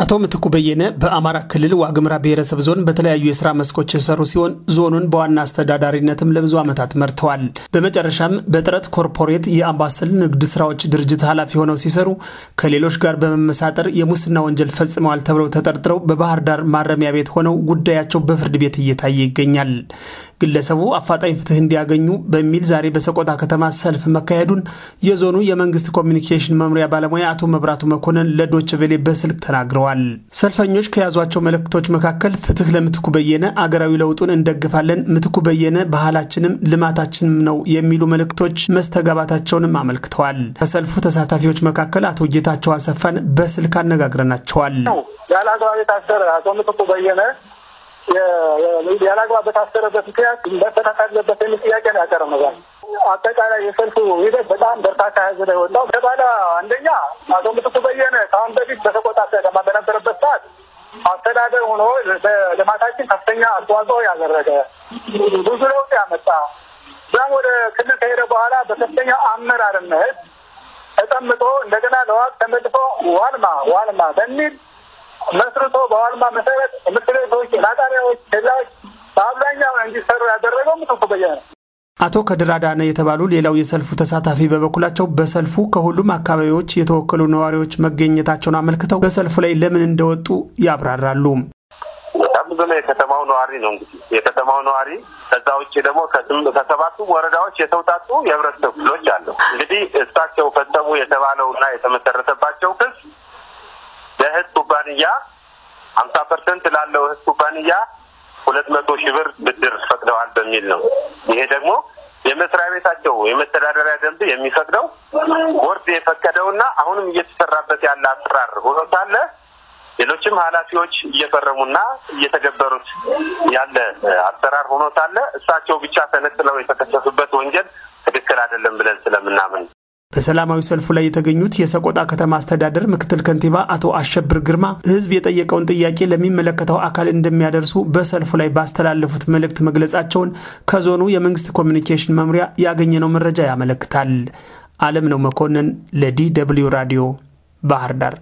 አቶ ምትኩ በየነ በአማራ ክልል ዋግምራ ብሔረሰብ ዞን በተለያዩ የስራ መስኮች የሰሩ ሲሆን ዞኑን በዋና አስተዳዳሪነትም ለብዙ ዓመታት መርተዋል። በመጨረሻም በጥረት ኮርፖሬት የአምባሰል ንግድ ስራዎች ድርጅት ኃላፊ ሆነው ሲሰሩ ከሌሎች ጋር በመመሳጠር የሙስና ወንጀል ፈጽመዋል ተብለው ተጠርጥረው በባህር ዳር ማረሚያ ቤት ሆነው ጉዳያቸው በፍርድ ቤት እየታየ ይገኛል። ግለሰቡ አፋጣኝ ፍትህ እንዲያገኙ በሚል ዛሬ በሰቆጣ ከተማ ሰልፍ መካሄዱን የዞኑ የመንግስት ኮሚኒኬሽን መምሪያ ባለሙያ አቶ መብራቱ መኮንን ለዶችቬሌ በስልክ ተናግረዋል። ተናግረዋል። ሰልፈኞች ከያዟቸው መልእክቶች መካከል ፍትህ ለምትኩ በየነ፣ አገራዊ ለውጡን እንደግፋለን፣ ምትኩ በየነ ባህላችንም ልማታችንም ነው የሚሉ መልእክቶች መስተጋባታቸውንም አመልክተዋል። ከሰልፉ ተሳታፊዎች መካከል አቶ ጌታቸው አሰፋን በስልክ አነጋግረናቸዋል። ያለ አግባብ የታሰረ አቶ ምትኩ በየነ ያላግባብ በታሰረበት ምክንያት መፈታት አለበት የሚል ጥያቄ ነው ያቀረብ አጠቃላይ የሰልፉ ሂደት በጣም በርካታ ህዝብ ነው የወጣው። በኋላ አንደኛ አቶ ምትኩ በየነ ከአሁን በፊት በሰቆጣ በነበረበት ሰዓት አስተዳደር ሆኖ በልማታችን ከፍተኛ አስተዋጽኦ ያደረገ ብዙ ለውጥ ያመጣ እዛም ወደ ክልል ከሄደ በኋላ በከፍተኛ አመራርነት ተጠምጦ እንደገና ለዋቅ ተመልሶ ዋልማ ዋልማ በሚል መስርቶ በዋልማ መሰረት ትምህርት ቤቶች፣ ማጣሪያዎች፣ ኬላዎች በአብዛኛው እንዲሰሩ ያደረገው ምትኩ በየነ ነው። አቶ ከድራዳነ የተባሉ ሌላው የሰልፉ ተሳታፊ በበኩላቸው በሰልፉ ከሁሉም አካባቢዎች የተወከሉ ነዋሪዎች መገኘታቸውን አመልክተው በሰልፉ ላይ ለምን እንደወጡ ያብራራሉ። በጣም ብዙ ነው። የከተማው ነዋሪ ነው እንግዲህ የከተማው ነዋሪ ከዛ ውጭ ደግሞ ከሰባቱ ወረዳዎች የተውጣጡ የህብረተሰብ ክፍሎች አለው። እንግዲህ እሳቸው ፈጸሙ የተባለው እና የተመሰረተባቸው ኩባንያ ሀምሳ ፐርሰንት ላለው እህት ኩባንያ ሁለት መቶ ሺህ ብር ብድር ፈቅደዋል በሚል ነው። ይሄ ደግሞ የመስሪያ ቤታቸው የመተዳደሪያ ደንብ የሚፈቅደው ቦርድ የፈቀደውና አሁንም እየተሰራበት ያለ አሰራር ሆኖ ሳለ ሌሎችም ኃላፊዎች እየፈረሙና እየተገበሩት ያለ አሰራር ሆኖ ሳለ እሳቸው ብቻ ተነጥለው የተከሰሱበት ወንጀል ትክክል አይደለም ብለን ስለምናምን በሰላማዊ ሰልፉ ላይ የተገኙት የሰቆጣ ከተማ አስተዳደር ምክትል ከንቲባ አቶ አሸብር ግርማ ህዝብ የጠየቀውን ጥያቄ ለሚመለከተው አካል እንደሚያደርሱ በሰልፉ ላይ ባስተላለፉት መልእክት መግለጻቸውን ከዞኑ የመንግስት ኮሚኒኬሽን መምሪያ ያገኘነው መረጃ ያመለክታል። አለም ነው መኮንን ለዲ ደብልዩ ራዲዮ ባህር ዳር